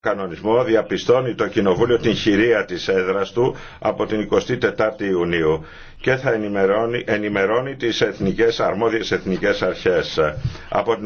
κανονισμό διαπιστώνει το Κοινοβούλιο την χειρία της έδρας του από την 24η Ιουνίου και θα ενημερώνει, ενημερώνει τις εθνικές αρμόδιες εθνικές αρχές. Από